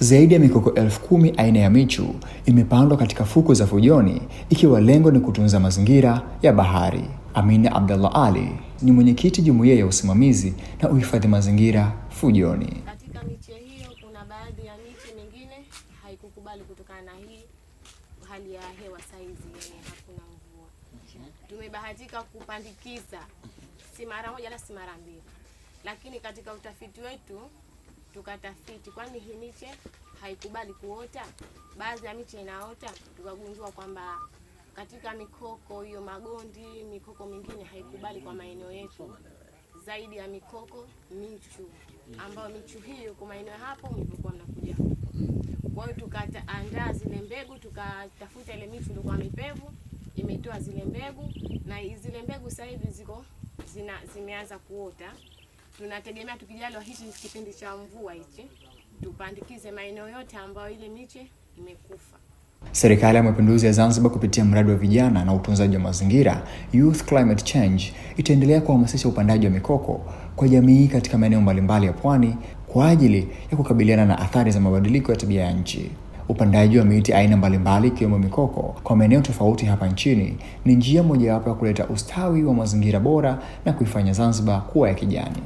Zaidi ya mikoko elfu kumi aina ya michu imepandwa katika fuko za Fujoni ikiwa lengo ni kutunza mazingira ya bahari. Amina Abdallah Ali ni mwenyekiti jumuiya ya usimamizi na uhifadhi mazingira Fujoni. Katika miche hiyo kuna baadhi ya miche mingine haikukubali kutokana na hii hali ya hewa saizi, yani hakuna mvua. Tumebahatika kupandikiza si mara moja na si mara mbili, lakini katika utafiti wetu tukatafiti, kwani hii miche haikubali kuota? Baadhi ya miche inaota, tukagundua kwamba katika mikoko hiyo magondi, mikoko mingine haikubali kwa maeneo yetu, zaidi ya mikoko michu, ambayo michu hiyo kwa maeneo hapo mlipokuwa mnakuja. Kwa hiyo tukaandaa zile mbegu, tukatafuta ile michu ilikuwa mipevu, imetoa zile mbegu, na zile mbegu sasa hivi ziko zina zimeanza kuota tunategemea tukijalo hichi kipindi cha mvua hichi, tupandikize maeneo yote ambayo ile miche imekufa. Serikali ya Mapinduzi ya Zanzibar kupitia mradi wa vijana na utunzaji wa mazingira Youth Climate Change itaendelea kuhamasisha upandaji wa mikoko kwa jamii katika maeneo mbalimbali ya pwani kwa ajili ya kukabiliana na athari za mabadiliko ya tabia ya nchi. Upandaji wa miti aina mbalimbali ikiwemo mikoko kwa maeneo tofauti hapa nchini ni njia mojawapo ya kuleta ustawi wa mazingira bora na kuifanya Zanzibar kuwa ya kijani.